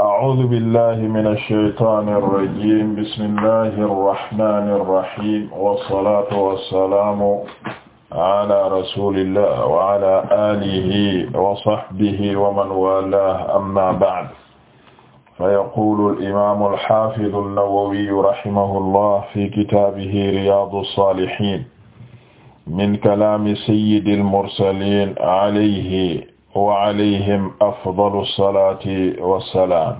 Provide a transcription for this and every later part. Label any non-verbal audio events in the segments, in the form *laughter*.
أعوذ بالله من الشيطان الرجيم بسم الله الرحمن الرحيم والصلاة والسلام على رسول الله وعلى آله وصحبه ومن والاه أما بعد فيقول الإمام الحافظ النووي رحمه الله في كتابه رياض الصالحين من كلام سيد المرسلين عليه wa alayhim afdalu salaati wa salaam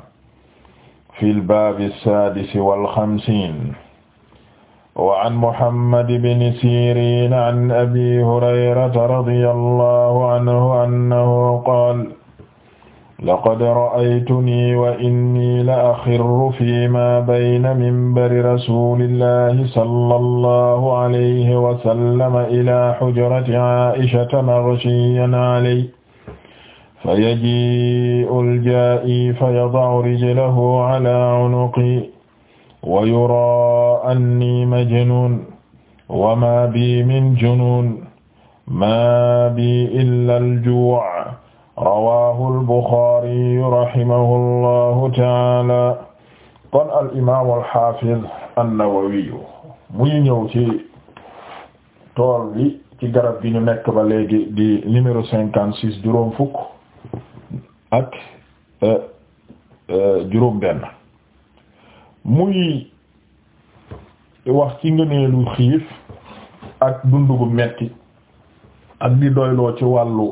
fil baabi saadisi wal xamsiin wa an Muhammad ibn Siiriin an Abii Hurayrata radiyallaahu anhu annahu qaala laqad ra'aytunii wa innii la axirru fiimaa bayna minbari rasuulillaahi sallallaahu alayhi wa sallam ilaa hujrati Aa'ishata maghshiyyan alayhi fa yaji'u al-jaa'i fa yada'u rijlahu ala unuqi wa yuraa anni majnuun wa maa bii min junuun maa bii illa al-juu' rawaahu al-Buxaari rahimahu Allahu ta'aala kon al-imaam al-haafiz an-Nawawi muy ñëw ci tool bi ci garab gi ñu nekk ba léegi di numéro cinquante six juróom fukk ak e, e, juróom benn muy wax ci ngëneelu xiif ak dundu gu metti ak di doyloo ci wàllu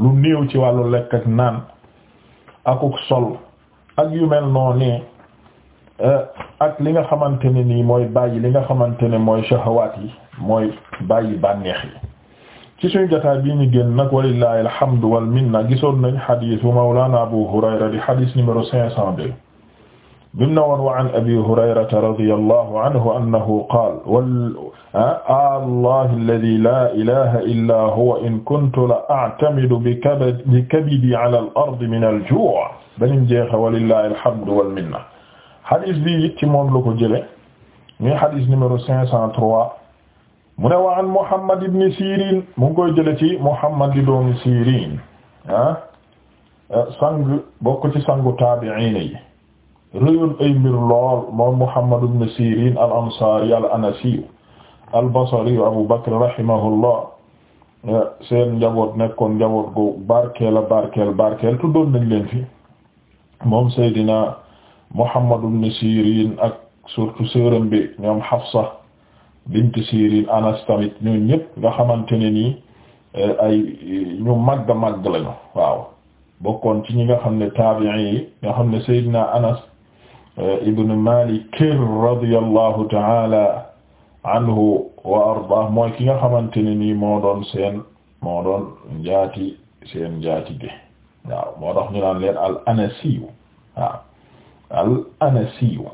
lu néew ci wàllu lekk ak naan akuk sol ak yu mel noonu e, ak li nga xamante ne nii mooy bàyyi li nga xamante ne mooy shahawaat yi mooy bàyyi bànneex yi ci suñu jotaay bii ñu génn nag walillahi alhamdu wal minna gisoon nañ xadiisu mawlaana abu hurayra di xadiis numéro cinq cent deux bim na woon wa an abi hurayrata radiyallahu anhu annahu qaal wal allahi alladi laa ilaha illaa huwa in kuntu la a'tamidu bi kabidi ala al ardi min al juu' dañu jeexe walillahi alhamdu wal minna xadiis bi it ci moom la ko jële ñuy xadiis numéro cinq cent trois mu ne wa an Muhammad ibn Sirin mu ngi koy ci Muhammad di doomi Sirin ah sang bokk ci sangu taabi'iin yi réyoon ay mbir lool moom Muhammad ibn Sirin al-Ansari al-Anasi al-Basri Abu Bakr rahimahullah seen njaboot nekkoon njaboot gu barkeel a barkeel barkeel tuddoon nañ leen fi moom Seydina Muhammad ibn Sirin ak surtout sœuram bi ñoom Hafsa bint Sirin Anas tamit ñoo ñëpp nga xamante ni nii eh, ay ñu màgg màgg lañu waaw bokkoon ci ñi nga xam ne taabi'i yi nga xam ne Seydina Anas eh, ibn Malik radiyallahu ta'ala anhu ki nga xamante ne nii moo doon seen moo doon njaati seen anasiyu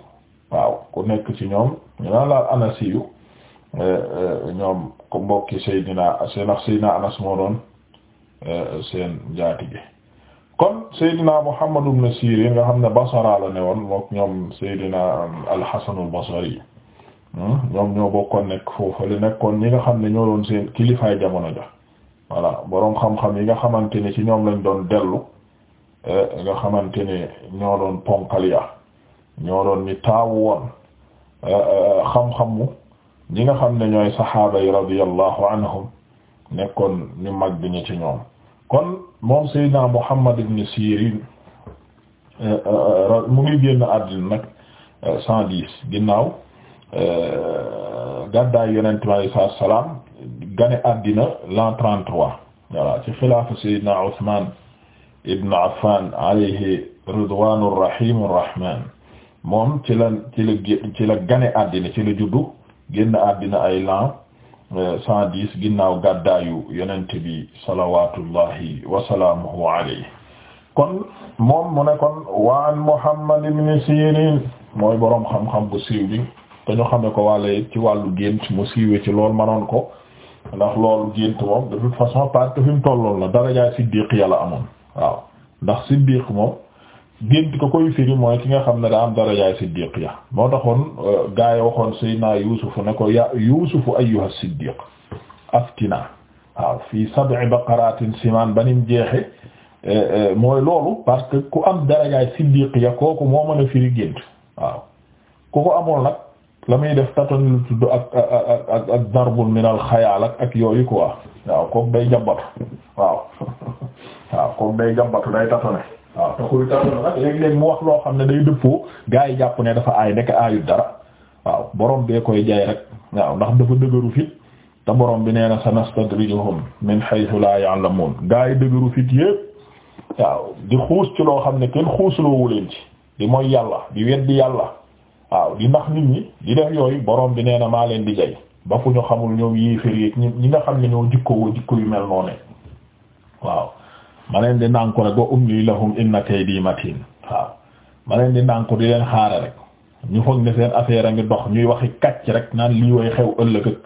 waaw ku nekk ci ñoom ñu naan la Euh, euh, ñoom ko mbokki Seydina Seydina Seydina Anas moo doon euh, seen njaatige kon Seydina Muhammad ibn Sirin nga xam ne Basra la ne woon mook ñoom Seydina al-Hasan al hmm? ñoom ñoo bokkoon nekk foofu li nekkoon ñi nga xam ne ñoo doon seen kilifaay jamono ja voilà boroom xam-xam yi nga xamante ne ci ñoom lañ doon dellu nga xamante ne ñoo doon ponkal ya ñoo doon ni taawu woon xam-xamu ñi nga xam ne ñooy saxaaba yi radiyallahu anhum nekkoon ñu mag bi ñu ci ñoom kon moom Seydina Muhammad ibn Sirin euh, euh, euh, mu ngi génn àddina nag cent dix ginnaaw gàddaay yonent bi alayhi salaatu wa salaam gane àddina l'an trente-trois voilà ci xilaafa Seydina Usmaan ibn Affan alayhi ridwaanur rahiimur moom ci la ci ci la gane àddina ci la juddu génn àddina ay lan euh, cent dix ginnaaw gàddaayu yonent bi salawatullahi wasalaamuhu alayhi kon moom mu ne kon wa an Muhammad ibn Sirin mooy boroom xam-xam bu siiw bi dañu xame ko wàlle ci wàllu gént mu siiwe ci lool manoon ko ndax loolu gént moom de toute façon parce que fi mu tolloon la darajaay siddiq yàlla amoon waaw ndax siddiq moom gént ko koy firi mooy ki nga xam ne daa am darajaay siddiq ya moo taxoon euh, gaa waxoon Seydina Yuusuf ne ko ya Yuusufu ayyuha siddiq aftina waaw fii sab'i baqaratin siman banim jeexe euh, euh, mooy loolu parce que ku am darajaay siddiq ya kooku moo mën a firi gént waaw ku ko amul nag la muy def taton lu tudd ak ak ak ak darbun min al xayaal ak ak yooyu quoi waaw kooku day jambatu waaw *laughs* waaw kooku day jambatu day tatone waaw te kuy tartana nag léeg-léeg mu wax loo xam ne day dëppoo gaa yi jàpp ne dafa aay nekk aayut dara waaw borom bee koy jaay rek waaw ndax dafa dëgëru fit te borom bi nee na sanastadrijuhum min haythu la ya'lamun gaa yi dëgëru fit yépp waaw di xuus ci loo xam ne kenn xuusloowu leen ci di mooy yàlla di weddi yàlla waaw di ndax nit ñi di def yooyu borom bi nee na maa leen di jay ba fu ñu xamul ñoom yéefér yi ñi nga xam ne ñoo jikkoo woo yu mel noonu ma leen di ndànk rek wa umli lahum inna kaydi matin waaw ma leen di ndànk di leen xaare rek ñu foog ne seen affaire a ngi dox ñuy waxi kacc rek naan lii way xew ëllëg ak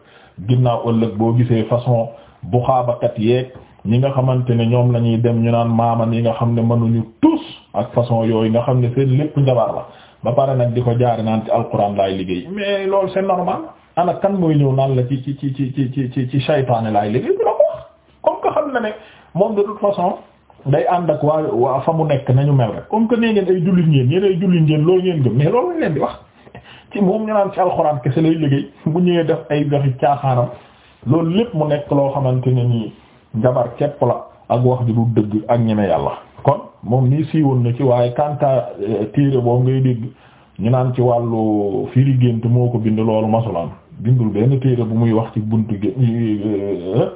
ginnaaw ëllëg boo gisee façon bu xaabakat yeeg ñi nga xamante ne ñoom la ñuy dem ñu naan maaman yi nga xam ne mënuñu tous ak façon yooyu nga xam ne seen lépp njabar la ba pare nag di ko jaari naan ci alquran laay liggéey mais loolu c'est normal ana kan mooy ñëw naan la ci ci ci ci ci ci ci ci saytaane laay day ànd ak waa waa fa mu nekk nañu mel rek comme que nee ngeen ay jullit ngeen yéen ay jullit ngeen loolu ngeen gëm mais loolu leen di wax ci moom ñu naan ci alxuraan kese lay liggéey bu ñëwee def ay waxi caaxaanam loolu lépp mu nekk loo xamante ne nii njabar képp la ak wax ji du dëgg ak ñeme yàlla kon moom nii siiwoon na ci waaye kanta eh, téere boobu ngay dégg ñu naan ci wàllu firi gént moo ko bind loolu masulaam bindul benn téere bu muy wax ci buntu gént eh,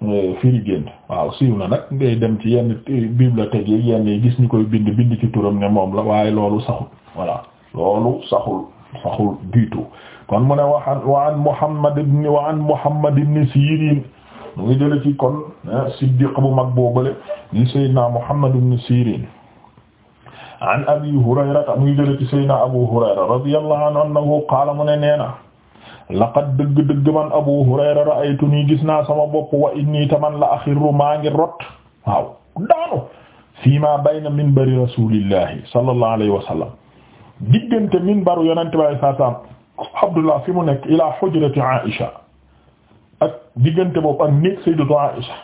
Eh, firi gént waaw siiw na nag ngay dem ci yenn eh, bibliothèque yi yenn yi gis ñu koy bind bind ci turam ne moom la waaye loolu saxul voilà loolu saxul saxul du tout kon mu ne waxaan wa an Muhammad ibn wa an Muhammad ibn Sirin mu ngi jële ci kon eh, siddiq bu mag boobale ni Seydina Muhammad ibn Sirin an Abi Hurayrata mu ngi jële ci Seydina Abu Hurayra radiyallahu anhu annahu qaala mu ne nee na laqad dëgg-dëgg man Abu Hurayra ra'aytuni gis naa sama bopp wa inni taman la axirru maa ngi rot waaw daanu fii ma bayna minbari rasulillahi sallallahu alayhi wa sallam diggante minbaru yonente bi alayhi salaam Abdullah fi mu nekk ila hujrati Aisha ak diggante boobu ak néeg sayyidatu Aisha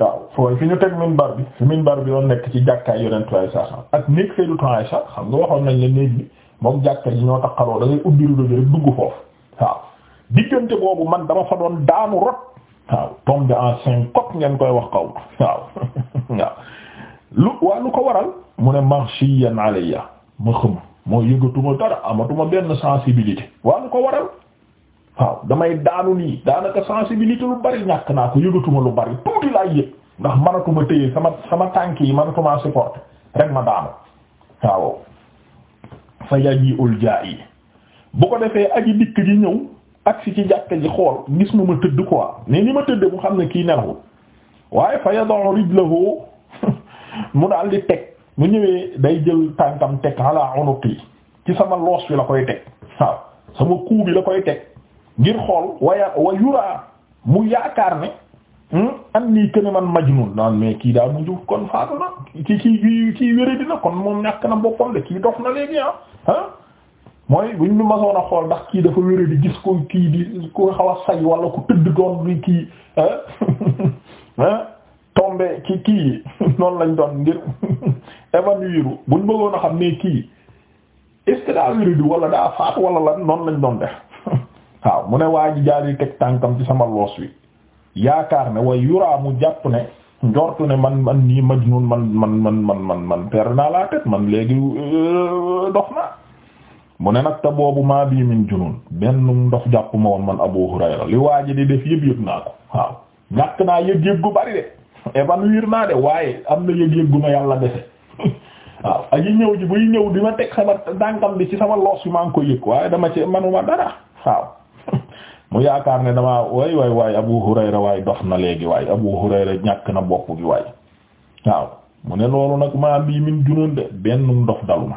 waaw fooy fi ñu teg minbar bi fi minbar bi doon nekk ci jàkkaay yonente bi alayhi salaam ak néeg sayyidatu xam nga waxoon nañ la néeg bi moom jàkka ji ubbi rideau bi diggante boobu man dama fa doon daanu rot waaw tombé en syncope ngeen koy wax kaw waaw *laughs* waaw lu waa lu ko waral mu ne marshiyan alayya ma xëm moo yëgatuma dara amatuma benn sensibilité waa lu ko waral waaw damay daanu nii daanaka sensibilité lu bari ñàkk naa ko yëgatuma lu bari tuuti laa yëg ndax manatuma téye sama sama tànk yi manatuma supporter rek ma daanu waaw fa yaji ul jaa yi bu ko defee aji dikk yi ñëw ak ci jàkka ji xool gis mu ma tëdd quoi ne ni ma tëdd mu xam ne kii nelawul waaye fa yad'u rijlahu *laughs* mu di teg mu ñëwee day jël tànkam teg ala unuqi ci sama loos wi la koy teg waaw sama kuu la koy teg ngir xool waya wa yuraa mu yaakaar ne am hmm, nii këne man majnun naan mais kii daal mujj kon faatu na kii kii kii wére kon moom ñàkk na boppam de kii dox na léegi ah, ah. mooy buñ ñu masoon a xool ndax kii dafa wéra di gis ko kii di ku xaw a say wala ku tëdd doon di kii tombé ki kii noonu lañ doon ngir évanouir buñ bëggoon a xam ne kii est-ce que daa wéra di daa faat wala lan noonu lañ doon def waaw mu ne waa ji jaar yi teg tànkam ci sama loos wi yaakaar ne way yuraa jàpp ne njortu ne man man nii majnun man man man man man man perdre naa la tête man léegi dox na mu ne nag te boobu maa bii min junun benn ndox jàpp ma woon man Abu Hurayra li waa ji di def yëpp yëg naa ko waaw ñàkk naa yëg yëg bari de *laughs* évanouir naa de waaye am na yëg yëg ma yàlla defe *laughs* waaw aji ñëw ji buy ñëw di ma teg sama dànkam bi ci sama loos bi maa ngi ko yëg waaye dama ci manuma dara waaw *laughs* mu yaakaar ne dama waay waay waay Abu Hurayra waaye dox na léegi waaye Abu Hurayra ñàkk na bopp gi waay waaw mu ne loolu nag maa bii min junun ndox dalu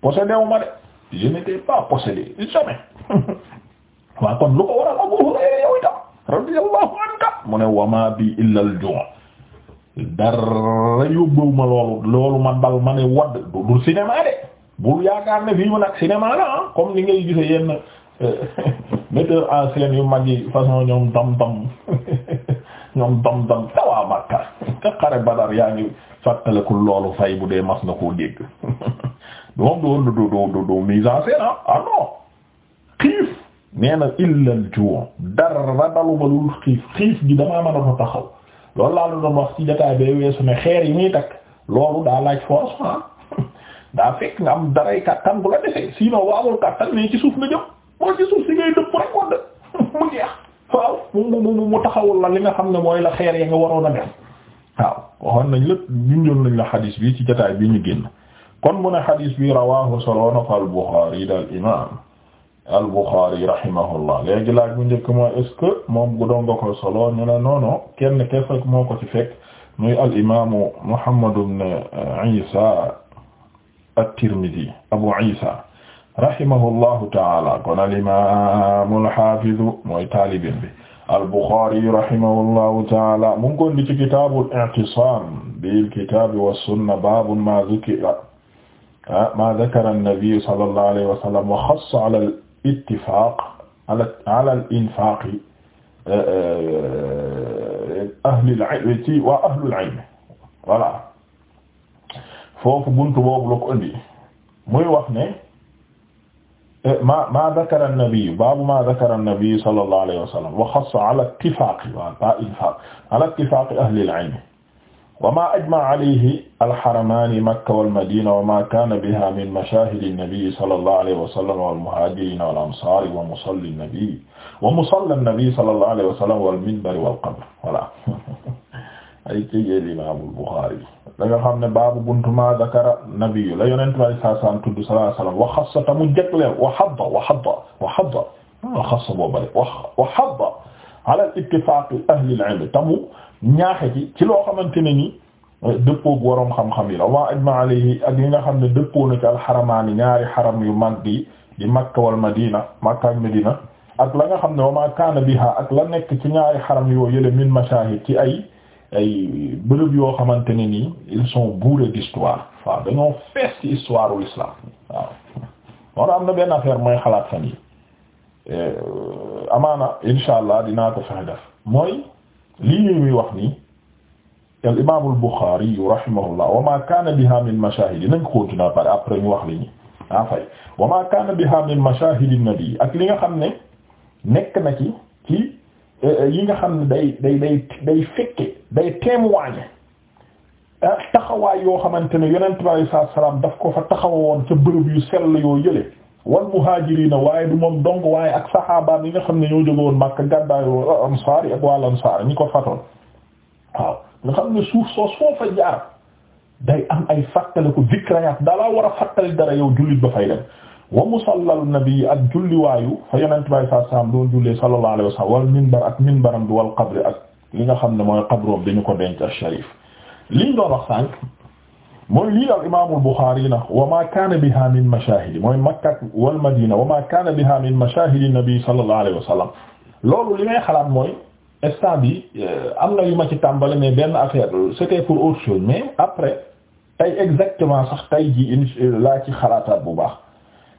possédé wu ma de je n'étais pas possédé *laughs* waa kon lu ko waral Abu Hurayra yow itam radiyallahu anka mu ne wama bi illa al ju' dara yóbbuwu loolu loolu ma dal ma ne wadd du cinéma de bul yaakaar ne fii mu nag cinéma la ah ni ngay gise yenn euh, *laughs* metteur en yu mag yi façon ñoom dam-dam *laughs* ñoom dam-dam tawaa Makka te xare Badar yaa ngi fàttaliku loolu fay bu dee mas na koo dégg moom du du du du ah, ah, na illal juum dara daluma lu gi damaa mën a fa taxaw weesu ne xeer yi muy takk loolu daa ah. *laughs* am daray kàttan bu *laughs* mu jeex mu taxawul la li nga xam ne mooy la xeer ya nga waroon a def waaw waxoon nañ lépp junjoon nañ la xadiis bi ci jotaay bi ñu génn. kon mu ne xadis bi rawaahu soloona ko al-Bukhari daal imaam al-Bukhari rahimahullah léegi laaj bu njëkk mooy est ce que moom bu doon nga ko solo ñu ne non non kenn kese moo ko ci fekk muy al-imaamu Muhammad ibn Isa at-Tirmidhi Abu Isa rahimahullahu ta'ala kon al-imaamu al-Haafiz mooy taalibin bi al-Bukhari rahimahullahu ta'ala mu ngi ko indi ci kitaabul i'tisaam bil kitaabi was sunna baab maa zukira Ah, ma dakara an-nabi sallallahu alayhi wa sallam wa xassa ala al-ittifaaq ala al-infaaq eh, eh, ahlul ilm ci waa ahlul ilm voilà foofu buntu boobu la ko indi muy wax ne eh, ma ma dakara an-nabi baabu ma dakara an-nabi sallallahu alayhi wa sallam wa xassa ala ittifaaq waa ba infaaq ala ittifaaq ahlil ilm wa ma ajmaa alayhi alxaramaani makka walmadina wa ma kaana biha min mashahidi nnabiyi sallallahu alayhi wa sallam walmuhaajirina wal ansaari wa musalli nnabiyi wa musalla nnabiyi sallallahu alayhi wa sallam walminbari walqabri voilà *laughs* ay cëjeel imaamul Buxaari da nga xam ne baabu buntu ma zakara nabiyu la yonentu ay saa saam tudd sallallahu alayhi wa sallam wa xassa ta mu jagleel wa hadda wa hadda wa hadda wa xassa boobale wa hadda ala ittifaaqi ahlil ilm ñaaxe ci ci loo xamante ne ni euh, dëppoo boroom xam-xam yi la wa ajma alayhi ak yi nga xam ne dëppoo na ci alxaramaani ñaari xaram yu mag yi di Makka wal Madina Makka ak Madina ak la nga xam ne wa ma kaana biha ak la nekk ci ñaari xaram yoo yële min mashahid ci ay ay bërëb yoo xamante ne nii ils sont bourrés d'histoire waaw dañoo fees ci histoire u l'islam waaw moona am na benn affaire mooy xalaat fan yi euh, amaana insha allah dinaa ko fexe def mooy lii muy wax nii al imaamul Buxaari rahimahullah wa ma kaana biha min mashaahid nañ ko continuer par après ñu wax li ñu daa ah, fay wa ma kaana biha min mashaahid nabi ak li nga xam ne nekk na ci ci eh, yi nga xam ne day day day day fekke day témoigner ah, taxawaay yoo xamante ne yonent bi alayhi salaam daf ko fa taxawoon ca bërëb yu sell yoo yële wal muhaajiriina waaye du moom dong waaye ak saxaabaan yi nga xam ne ñoo jógoon Makka gàddaayu ansaar yi ak wàll ansaar ñi ko fatoon waaw nga xam ne suuf soos foofa jaar day am ay fàttali ko dikrayaat dalaa war a fàttali dara yow jullit ba fay dem wa musallal bi ak julliwaayu fa yonent bay saa saam doon jullee sallallahu alayhi wa sallam wal minbar ak minbaram bi wal qabri ak li nga xam ne mooy qabroom dañu ko denc al sharif liñ doon wax sànq mooy lii al imaamul Buxaari na wa maa kaana bihaa min mashaahidi mooy Makka wal Madina wa maa kaana bihaa min mashaahidi nabi sallallahu alayhi wa sallam loolu li may xalaat mooy instant bi euh, am na yu ma ci tàmbali mais benn affaire c'était pour autre chose mais après tey exactement sax tey ji in laa ci xalaataat bu baax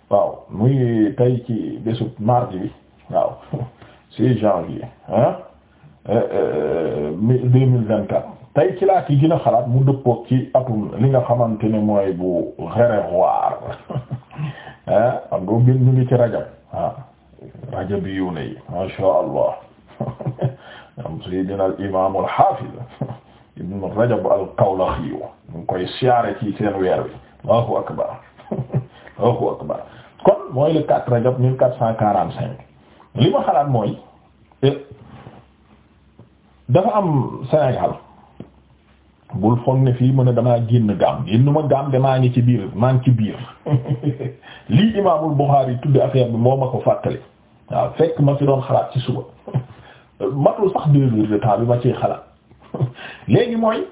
waaw muy tey ci bésu mardi bi waaw 6 *laughs* janvier hein 2024 euh, euh, tey ci laa ki gën xalaat mu dëppook ci atum li nga xamante ne mooy bu grégoire *laughs* ah xam nga gën ñu ngi ci rajab ah rajab yi ma sha allah *laughs* am sayyidina al imam al hafiz ibn rajab al qawlaxi ñu koy siyaare ci seen weer wi allahu akbar *laughs* allahu akbar kon mooy le 4 rajab 1445 li ma xalaat mooy eh, dafa am Sénégal bul foog ne fii mu ne damaa génn gaam génn ma gaam de maa ngi ci biir maa ngi ci biir *laughs* lii imaamul Buxaari tudde affaire bi moo ma ko fàttali waaw fekk ma fi doon xalaat ci suba *laughs* matul sax deux heures de temps bi ma ciy xalaat *laughs* léegi mooy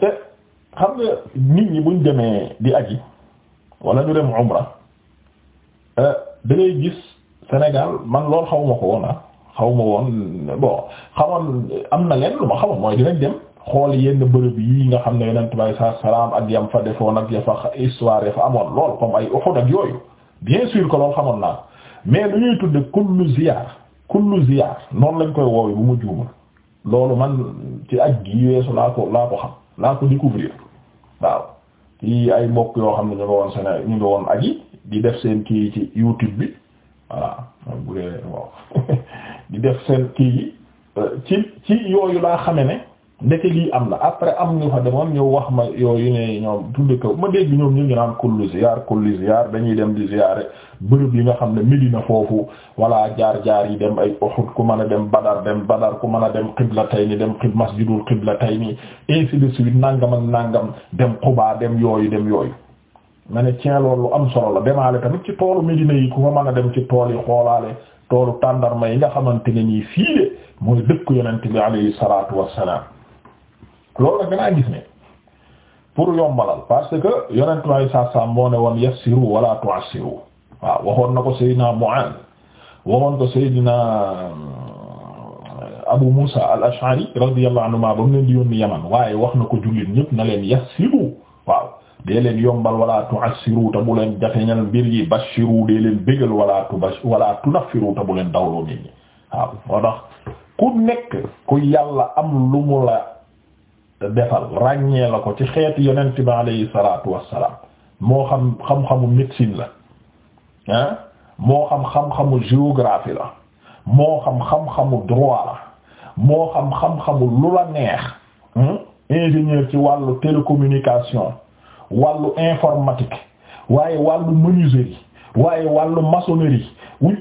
xam nga nit ñi buñ demee di aji wala ñu dem umra eh, da gis Sénégal man lool xaw ma ko woon ah xaw ma woon bon xamoon am na leen lu ma xamoon mooy dinañ dem xool yenn bërëb yi nga xam ne yonent bi alayhi salaam ak yam fa defoon ak ya fa histoire ya fa amoon lool comme ay Uhud ak yooyu bien sûr que loolu xamoon naa mais lu ñuy tudde kullu ziyaar kullu ziyaar noonu lañ koy woowee bu mu juumal loolu man ci aj gi weesu laa ko laa ko xam laa ko découvrir waaw ci ay mbokk yoo xam ne ñu nga woon seen ñu nga di def seen kii ci bi voilà *laughs* def seen kii yi euh, ci ci yooyu laa xame ne ndeke lii am na après am ñu fa demoon ñëw wax ma yooyu ne ñoom tudde ko ma dégg ñoom ñu ngi naan kullu ziyaar kullu ziyaar dañuy dem di ziyaare bërëb yi nga xam ne Medina foofu walla jaar-jaar yi dem ay Uhud ku mën a dem Badar dem Badar ku mën a dem Qiblatayni dem xib masjidul Qiblatayni ainsi de suite nangam ak nangam dem Quba dem yooyu dem yooyu. ma ne tiens loolu lu am solo la demaale tamit ci toolu Medina yi ku fa mën a dem ci tool yi xoolaale toolu tàndarma yi nga xamante ne nii fii de mooy dëkk yonent bi alayhi salaatu wassalaam loolu nag danaa gis ne pour yombalal parce que yonent may saa saa moo ne woon yassiru wala tu'assiru waaw waxoon na ko Seydina Mu'aaz waxoon ko Seydina euh, Abu Muusa al-Ash'ari radiyallahu anhu ba mu leen di yónni Yaman waaye wax na ko jullit ñëpp na leen yassiru wa dee leen yombal wala tu'assiru te bu leen jafeñal mbir yi bashiru dee leen bégal wala tubash wala tunaffiru te bu leen dawloo nit ñi waaw moo am lu defal ràññee la ko ci xeetu yonent bi alayhi salaatu wassalaam moo xam xam-xamu médecine la ah moo xam xam-xamu géographie la moo xam xam-xamu droit la moo xam xam-xamu lu la neex hmm? ingénieur ci wàllu télécommunication wàllu informatique waaye wàllu menuiserie waaye wàllu maçonnerie u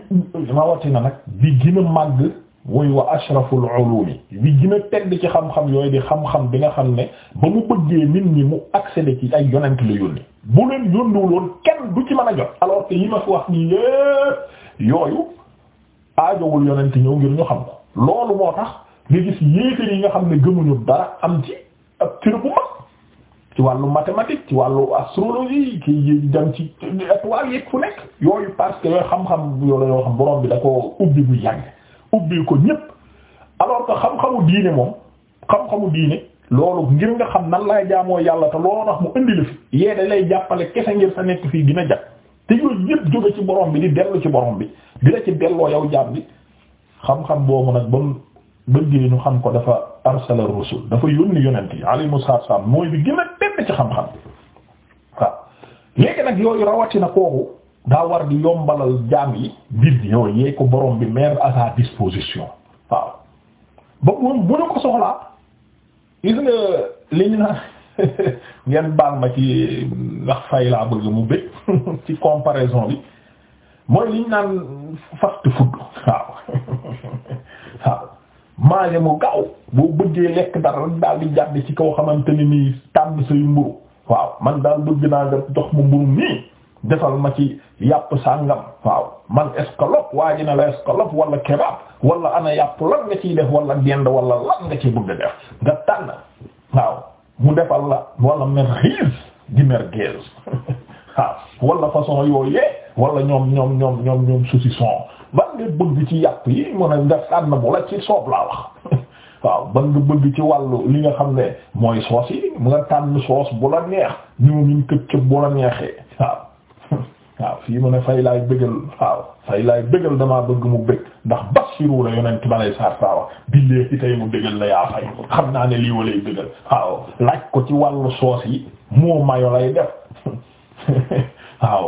rawatina nag bi gën màgg muy wa ashraful ulumi bi gën a ci xam-xam yooyu di xam-xam bi nga xam ne ba mu bëggee nit ñi mu accéder ci ay yonent la yónni bu leen yónniwul woon kenn du ci mën a jot alors que yi ma fi wax nii yépp yooyu aajowul yonent ñëw ngir ñu xam ko loolu moo tax nga gis yéeféer yi nga xam ne gëmuñu dara am ci ab cër bu mag ci wàllu mathématique ci wàllu astrologie ki dem ci étoile yëpp fu nekk yooyu parce que yooyu xam-xam yoo la borom bi da ko ubbi bu yàgg ubbil ko ñépp alors que xam-xamu diine moom xam-xamu diine loolu ngir nga xam nan laay jaamoo yàlla te looloo tax mu indi la fi yee dañ lay jàppale kese ngir sa nekk fii gina jàpp te yooyu yépp jóge ci borom bi di dellu ci borom bi di la ci delloo yow jaam bi xam-xam boobu nag ba bëggee ñu xam ko dafa arsala rusul dafa yónni yonent yi alayhimu salaam mooy bi gën a tedd ci xam-xam waaw léegi nag yooyu rawatina kooku daa war di yombalal jaam yi mbir bi yee ko borom bi mettre à sa disposition waaw ba moom bu ne ko soxlaa gis nga li ñu naan *laughs* ngeen baal ma ci ndax fay laa bëgg mu bëgg *laughs* ci comparaison bi mooy li ñu naan fast food waaw *laughs* waaw mu gaaw boo bëggee lekk dara daal di jàdd ci kaw xamante ni nii tànn say mburu waaw man daal bëgg naa nga jox mu mburu nii defal ma ci yàpp sàngam waaw man escalope waa ji na la escalope wala kebab wala ana yàpp lan nga ciy def wala dend wala lan nga ciy bëgg def nga tànn waaw mu defal la wala merguez di merguez *laughs* waaw wala façon yooyee wala ñoom ñoom ñoom ñoom ñoom saucisson ban nga bëgg ci yàpp yi mu ne nga tànn bu la ci soob laa wax *laughs* waaw ban nga bëgg ci wàllu li nga xam ne mooy soos yi mu nga tànn soos bu la neex ñoomin këp-këp bu la neexee waaw waaw fii mu ne fay laay bëggal waaw fay laay bëggal damaa bëgg mu bëgg ndax bashiru la yonent ma lay saar saawa billee ci tey mu bëggal la yaa fay xam naa ne lii walay bëggal waaw laaj ko ci wàllu soos yi moo mayo lay def *laughs* waaw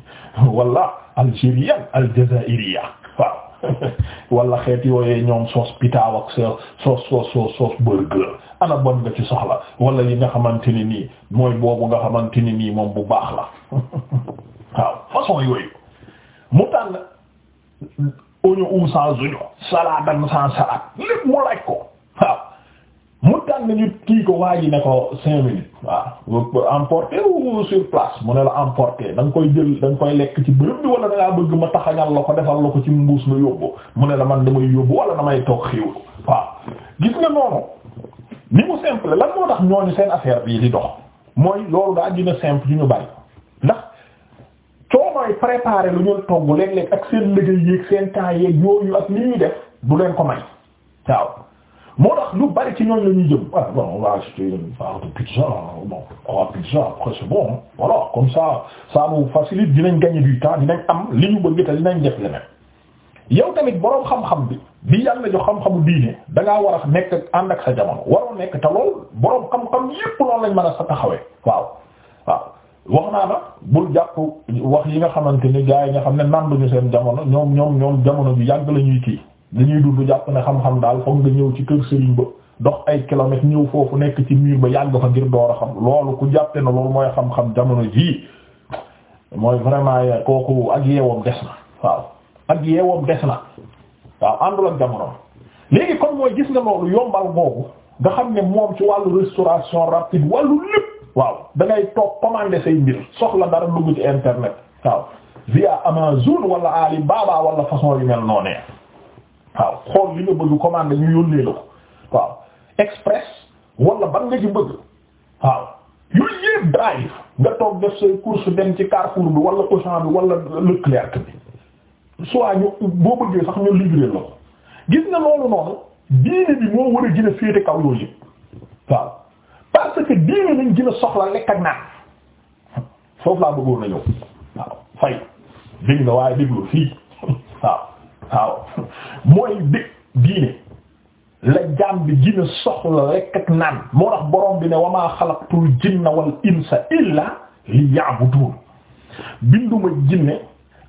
*laughs* wala algérien aljazairiya waaw *laughs* wala xeet yooyee ñoom soos pitaaw ak soos soos soos soos soos nga ci soxla wala yi nga xamante ni nii mooy boobu nga xamante ni nii moom bu baax la façon yooyu mu tànn oignon sans oignon salade ak sans salade lépp mu laaj ko waaw mu tànn ñu kii ko waa ji ne ko cinq minutes waaw emporter ou mu ne la emporter da koy jël da nga lekk ci bërëb bi wala da ngaa la ko defal ko ci mbuus la mu ne la man damay yóbbu wala damay toog xiiw waaw gis nga noonu ni mu simple lan moo tax ñooñu seen affaire bii di dox mooy loolu daa gën a simple ñu bari ndax coonooy préparer lu ñu togg léeg-léeg ak seen liggéey yéeg seen temps yeeg yooyu ak li ñuy def du leen ko may waaw moo tax lu bari ci ñooñ la ñuy jëm ah bon on va acheter une comme ça ça nous facilite dinañ gagner du temps dinañ am li ñu bëgg te dinañ def leneen yow tamit boroom xam-xam bi bi yàlla jox xam-xamu diine da ngaa war a nekk ànd ak sa jamono waroo nekk te lool boroom xam-xam yépp loolu lañ man a sa taxawee waaw waaw wax naa la bul jàpp wax yi nga xamante ni gars yi nga xam ne nanduñu seen jamono ñoom ñoom ñoom jamono bi yàgg la ñuy kii dañuy dund jàpp ne xam-xam daal foog nga ñëw ci kër sëriñ ba dox ay kilomètres ñëw foofu nekk ci mur ba yàgg fa ngir door a xam loolu ku jàppe na loolu mooy xam-xam jamono jii mooy ya kooku ak yeewoom des na waaw ak yeewoom des na waaw àndul ak jamono léegi kon mooy gis nga loolu yombal boobu nga xam ne moom ci wàllu restauration rapide wàllu lépp waaw dangay toog commander say mbir soxla dara dugg ci internet waaw via Amazon wala Alibaba wala façon yu mel noonee waaw xool li nga bëgg commander ñu yónnee la ko waaw express wala ban nga ci bëgg waaw yooyu drive nga toog def say course dem ci Carrefour bi wala Auchan bi wala Leclerc bi soit ñu boo bëggee sax ñu livrer la ko gis nga loolu noonu diine bi moo war a gën féete kaw yooyu waaw parce que diine lañ gën soxla lekk ak naan foofu laa bëggoon na ñëw waaw fay dégg na waaye déglu fii waaw waaw mooy dég diine la jaam bi gën soxla lekk ak naan moo tax borom bi ne wa maa xalaqtul jinna wal insa illa liya'budun binduma jinne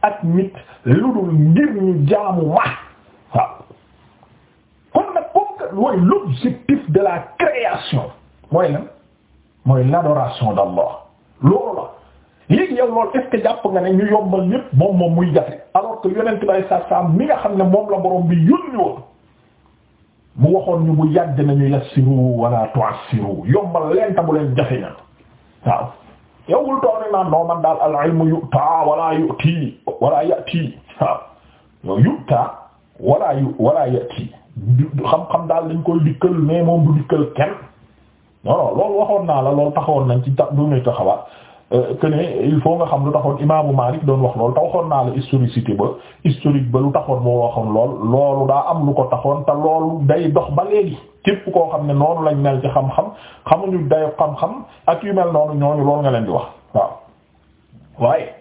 ak nit lu dul ngir ñu jaamu ma waaw kon nag comme que l'objectif de la création mooy lan mooy l'adoration d'Allah loolu la léegi yow loolu est-ce jàpp nga ne ñu yombal ñépp moom moom muy jafe alors que yonent bay sa mi nga xam ne moom la borom bi yónni woon mu waxoon ñu bu yàgg nañu yassiru wala tu'assiru yombal leen ta leen jafe na yow wul toog ne naan noo man daal al ilmu yu'ta wala yu'ti wala ya'ti waaw yow yu'ta wala yu wala ya'ti xam-xam daal dañ koy dikkal mais moom du dikkal kenn non loolu waxoon naa la loolu taxawoon nañ ci ta du muy taxawaat euh, que ne il faut nga xam lu taxoon imaamu Maalik doon wax loolu te waxoon naa la historicité ba historique ba lu taxoon boo waxoon lool loolu daa am lu ko taxoon te loolu day dox ba léegi képp koo xam ne noonu lañ mel ci xam-xam xamuñu dayo xam-xam ak yu mel noonu ñooñu loolu nga leen di wax waaw waaye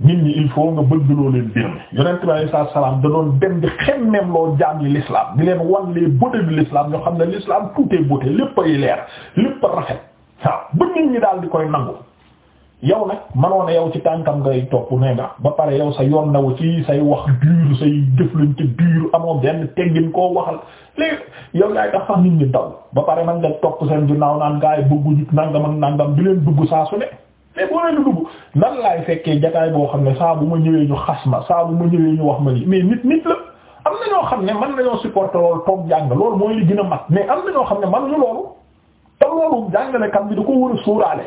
nit ñi il faut nga bëgg loo leen biir mi yonent bi alayhi salaatu salaam da dem di xemmeem loo jaam yi l'islam di leen wan les beautés de l'islam ñoo xam ne l'islam tout est lépp ay leer lépp a rafet waaw ba nit ñi daal di koy nangu yow nag mënoon na yow ci tànkam ngay topp ne nga ba pare yow sa yoon ci say wax dur say jëflante dur amoo benn teggin koo waxal léegi yow yaay tax sax nit ñi daw ba pare man nga topp seen ginnaaw naan gaa yi nangam ak leen bëgg saa mais boo leen dugg nan laay fekkee jataay boo xam ne saa bu ma ñëwee ñu xas ma saa bu ma ñëwee ñu wax ma ni mais nit nit la am na ñoo xam ne man nañoo supporter loolu toog jàng loolu mooy li gën a mat mais am na ñoo xam ne man ñu loolu te loolu jàngalekat bi da ko war a suuraale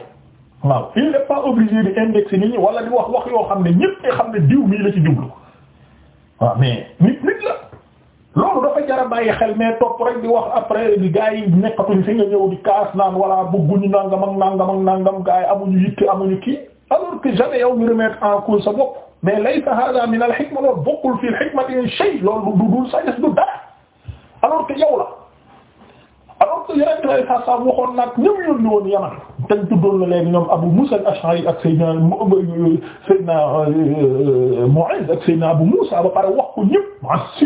waaw il n'est pas obligé di indexer nit ñi wala di wax wax yoo xam ne ñépp xam ne diw mii la ci jublu waaw mais nit nit la loolu dafa jar a bàyyi xel mais topp rek di wax après di gars yi nekkatuñ fi nga ñëw di kaas naan wala bëgguñu nangam ak nangam ak nangam gars yi amuñu yitte amuñu kii alors que jamais yow mi remettre en cause sa bopp mais laysa hada min al hikma loolu bokkul fi al hikmati shay loolu du dul sagesse du dara alors que yow la. waxoon na ak ñoom yónni woon Yaman te ñu tuddoon la leen ñoom Abu Musa ashari ak Seydina Seydina euh, Mu'adh ak Seydina Abu Musa ba pare wax ko ñëpp mu assi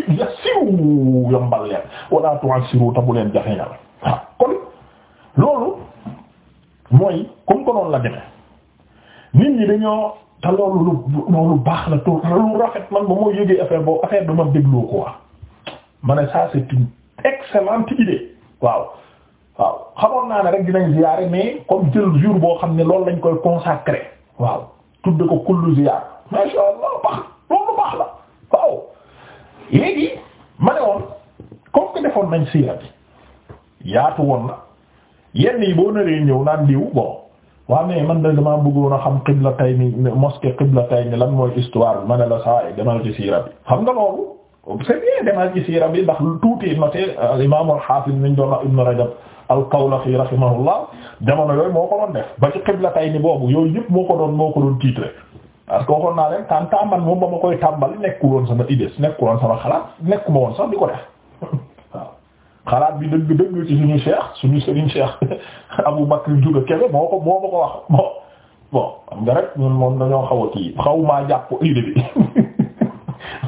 yombal leen wala tu'assiru te bu leen jafe ñaar waaw kon loolu mooy comme que noonu la demee nit ñi dañoo te loolu lu loolu baax la te lu rafet man ba moo yëgee affaire boobu affaire bi ma dégloo quoi ma ne ça c'est une excellente idée. waaw waaw xamoon naa ne rek dinañ ziyaare mais comme jël jour boo xam ne loolu lañ koy consacré waaw tudde ko kullu ziyaar masha Allah baax loolu baax la waaw léegi ma woon comme que nañ siira bi yaatu woon na yenn yi boo naree ñëw naan diw bon waa mais man da damaa bëggoon a xam qibla tay ni mosquée qibla tay ni lan mooy histoire bi la saa yi demal ci siira xam nga loolu c'est bien demal ci siira bi ndax tuuti noté al euh, imam al hafiz nañ doon wax ibn rajab al kawlaxi rahimahullah jamono yooyu moo ko doon def ba ci qiblatayni boobu yooyu yëpp moo ko doon moo ko doon titre parce que waxoon naa leen tant man moom ba ma koy tàmbali nekku woon sama idée nekkul woon sama xalaat nekkuma woon sax di ko def *laughs* waaw xalaat bi dëgg dëgg ci suñu cheikh suñu sëriñ cheikh *laughs* Abou Bakr Juga Kebe moo ko moo ma ko wax bon bon am nga rek ñun moom dañoo xaw a xaw maa jàpp *laughs*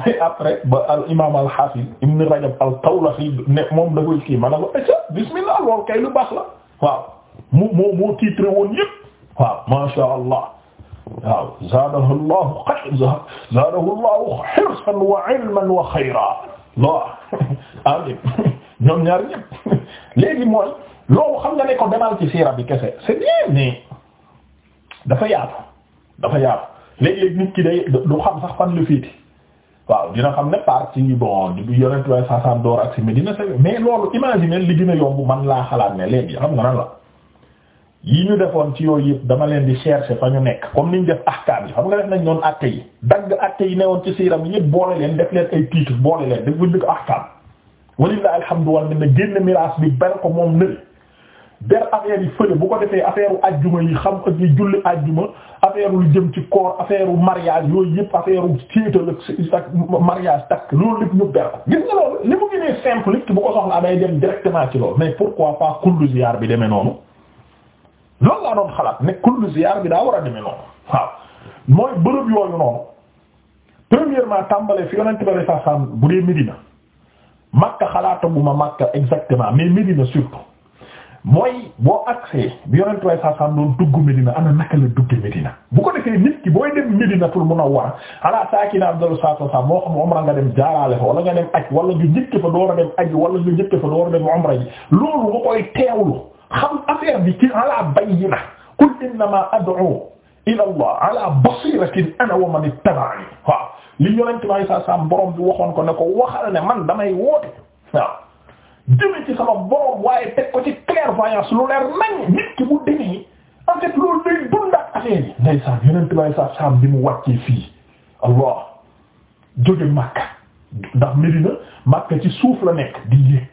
mais après ba al imaam al xaafis ibn Rajab al Tawlaxi ne moom da koy kii ma ne ko acca eh, bismillah lool kay lu baax la waaw mu moo moo titre woon yëpp waaw ma sha Allah waaw zaadahu llahu zaadahu llahu hirsan wa ilman wa xayra lo amin ñoom ñaar ñëpp léegi mooy loolu xam nga ne ko demal ci siira bi kese c'est bien mais dafa yaatu dafa yaatu léeg-léeg nit ki day du xam sax fan lu fiiti waaw dina xam ne parti bon du yonent waaye saasaam door ak si Medina sa mais loolu imaginer li gën yomb man laa xalaat ne léegi xam nga nan la yi ñu defoon ci yooyu yëpp dama leen di chercher fa ñu nekk comme niñ def ahkaam yi xam nga def nañ noonu àtte yi dagg àtte yi newoon ci siiram yëpp boole leen def leen ay titre boole leen def buñ dëkk ahkaam walillahi alhamdu wal minna génn miraas bi ber ko moom nële der affaire yi fële bu ko defee affaire u ajjuma yi xam ak yi julli ajjuma affaire lu jëm ci koor affaire u mariage yooyu yëpp affaire u séetal ak mariage takk loolu lépp ñu ber gis nga loolu li mu gënee simple bu ko soxla amee dem directement ci loolu mais pourquoi pas kullu ziyaar bi demee noonu loolu laa doon xalaat ne kullu ziyaar bi daa war a demee noonu waaw mooy bërëb yooyu noonu premièrement tàmbalee fi yonent bari saa saam bu dee Médina Makka xalaataguma mais Médina surtout mooy boo agsee bi yonent way saasan doon dugg Medina ana naka a dugge Medina bu ko defee nit ki booy dem Medinatul Munawwara ala saakina abdal saatu sa moo xam umra nga dem jaarale fa wala nga dem aj wala nga njëkke fa door a dem aj wala nga njëkke fa door a dem umra ji loolu nga koy teewlu xam affaire bi ci ala bayyina qul innama ad'u ila Allah ala basiratin ana wa man ittaba'ani waaw li yonent way saasan borom bi waxoon ko ne ko waxal damay woote waaw jëme ci sama borom waaye teg ko ci clairvoyance lu leer nañ nit ki bu demee en fait loolu day dundaat affaire yi ndeysaan yonent bay sa saam bi mu wàccee fii allah jóge Makka ndax Medina Makka ci suuf la nekk di yéeg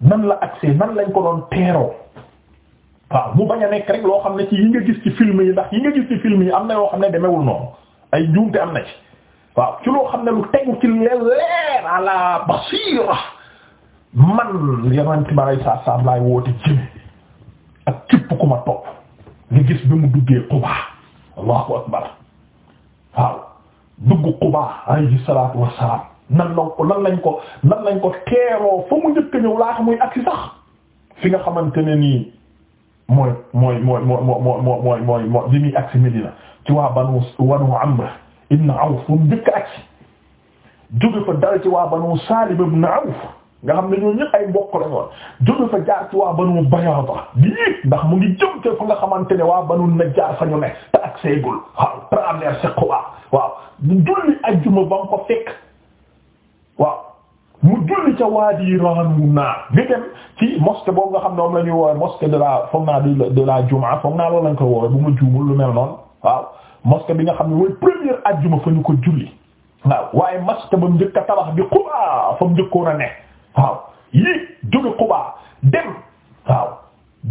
nan la accès nan lañ ko doon teeroo waaw mu bañ a nekk rek loo xam ne ci yi nga gis ci film yi ndax yi nga gis ci film yi am na yoo xam ne demewul noonu ay njuumte am na ci waaw ci loo xam ne lu tegu ci leer ala basira man yonent bi alay saa saam laay woote jëme ak képp ku ma topp nga gis bi mu duggee Qubaa allahu akbar waaw dugg Qubaa alayhi salaatu wassalaam nan lañ ko nan lañ ko nan lañ ko teeroo fa mu njëkk ñëw laata muy agsi sax fi nga xamante ne nii mooy mooy mooy mooy mooy mooy mooy mooy li muy agsi Medina ci waa banu wanu Amr ibn Awf fa mu njëkk agsi jóge fa dara ci waa banu Saalim ibn Awf nga xam ne ñooñu ñëpp ay mbokk lañu woon jóge fa jaar waa banu Bayaada bii ndax mu ngi jëm te fu nga xamante ne waa banu Najjaar fa ñu ne te ak seegul waaw traversé Quba waaw mu julli ajjuma ba mu ko fekk waaw dem ci mosquée boobu nga xam ne moom la ñuy woowee mosquée de la foog Jumaa foog naa loolu lañ bu mu juumul lu mel noonu waaw bi nga xam ne mooy première ma fa ñu ko julli waaw waaye ba mu njëkk a tabax bi Quba fa mu njëkkoon a ne. yii jóge Quba dem waaw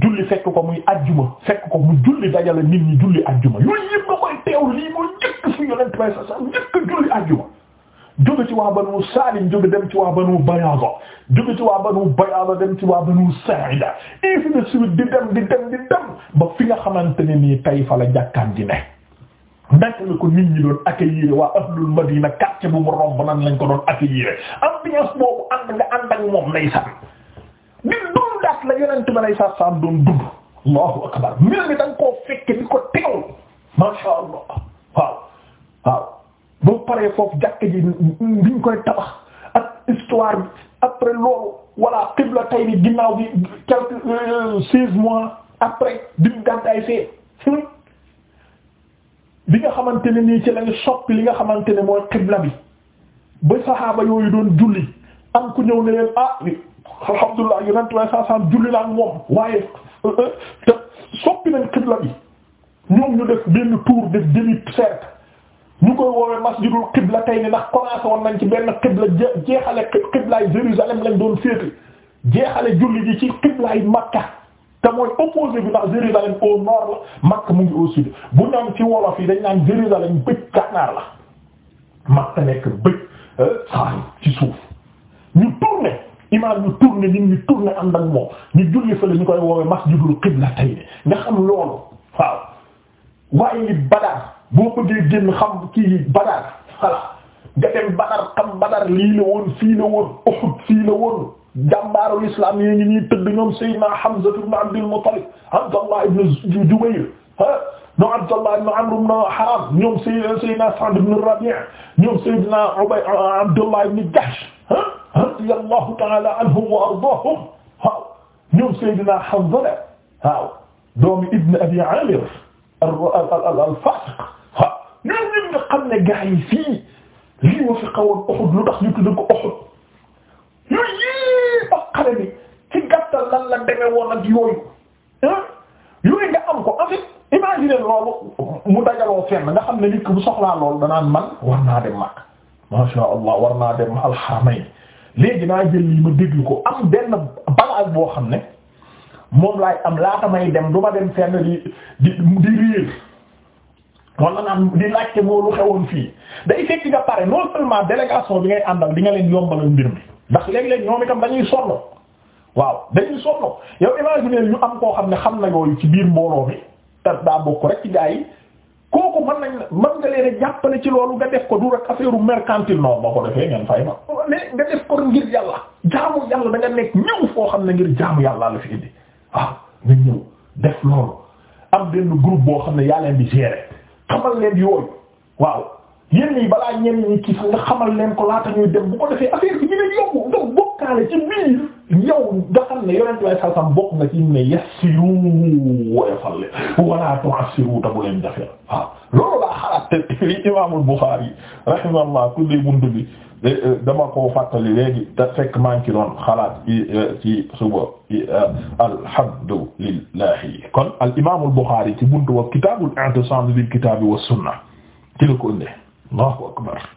julli fekk ko muy ajjuma fekk ko mu julli dajale nit ñi julli ajjuma yooyu yëpp nga koy teew lii mooy njëkk su yonent bay sa sa njëkk julli ajjuma jóge ci waa banu Salim jóge dem ci waa banu Bayaza jóge ci waa banu Bayaza dem ci waa banu Sa'ida ainsi de suite di dem di dem di dem ba fi nga xamante ne nii tay fa la jàkkaan di ne naka la ko nit ñi doon accueillir waa ahlul madina quartier bu mu romb nan lañ ko doon accueillir ambiance boobu nga ànd ak moom lay sànni. di dund daat la yonent bi lay sànni sànni doon dund allahu akbar mbir mi da nga koo fekke di ko teew masha allah waaw waaw boo paree foofu jàkka ji biñ koy tabax ak histoire bi après loolu wala bi ginnaaw bi quelques euh, seize mois après dim gàddaay fee. bi nga xamante ne nii ci lañu soppi li nga xamante ne mooy xibla bi ba saxaaba yooyu doon julli am ku ñëw ne leen ah alhamdulilah yonent waaye saa saa julli la ak moom waaye euh, euh, te soppi nañ xibla bi ñoom ñu def benn tour def demi cercle ñu koy woowee masjidul xibla tey ni ndax commencé woon nañ ci benn xibla jeexale xiblaay Jérusalem lañ doon féete jeexale julli ji ci xiblaay Makka. te mooy opposé bi ndax Jérusalem au nord la Makka mu ngi au bu ñoom ci wolof yi dañ naan Jérusalem bëj gànnaar la Makka nekk bëj euh, saay ci suuf ñu tourné imaam ñu tourné nit ñu tourné ànd ak moom ñu julli fële ñu koy woowee masjidul qiblatayni nga xam loolu waaw waaye li Badar boo bëggee génn xam kii Badar voilà nga dem Badar xam Badar lii la woon fii la woon Uhud fii la woon jàmbaarul islam yi ngi ñuy tëdd ñoom Seydina Hamza ibn Abdul Muttalib Abdallah ibn Jubayr ah ñoom Abdallah ibn Amr ibn Haram ñoom Seydina Sa'd ibn Rabi' ñoom Seydina Ubay Abdullah ibn Jahsh ah radiyallahu ta'ala anhum wa ardaahum waaw ñoom Seydina Hanzala waaw doomu Ibn Abi Amir al-Fasiq waaw ñoom ñoom nga xam ne gaa yi fii lii wa fi xawoon Uhud lu tax ñu tudd ko Uhud yooyu yii ba nga am ko en imagine loolu mu dajaloo fenn nga xam ne nit ki bu soxlaa loolu danaan man war naa dem mag masha Allah war naa dem alxamay léegi naa jël lii ma déglu ko am benn bagage boo xam ne moom laay am laa may dem du ma dem fenn di di di réer wala naan di laajte moo lu xewoon fii day fekk nga pare non seulement délégation bi ngay àndal di nga leen yombalal mbir mi. ndax léeg-léeg ñoom itam dañuy sonn waaw dañuy sonn yow imagine ñu am koo xam ne xam na yooyu ci biir mbooloo mi te daa bokk rek ci gaa yi kooku mën nañ mën nga leen jàppale ci loolu nga def ko du rek affaire mercantile non ba ko defee ngeen fay ma nga def ko ngir yàlla jaamu yàlla da nekk ñëw foo xam ne ngir jaamu yàlla la fi indi waaw nga ñëw def loolu am benn group boo xam ne yaa leen di gérer xamal leen yooyu waaw yéen ñii balaa ñenn ñi ci nga xamal leen ko laata ñuy dem bu ko defee affaire bi ñu ne yóbbu donc bokkaale ci biir yow nga xam ne yonent way salsam bokk nga ci ne yassiru woyofal leen wala tu'assiru ta bu leen jafeel waaw loolu laa xalaat te li imaamul Buxaari rahimahullah tuddee buntu bi euh, dama koo fàttali léegi te fekk maa ngi ci doon xalaat euh, ci suba euh, alhamdulillahi kon al imaamul Buxaari ci buntu wa kitaabul i'tisaam bil kitaabi wa sunna ci la ko ëndee Allahu akbar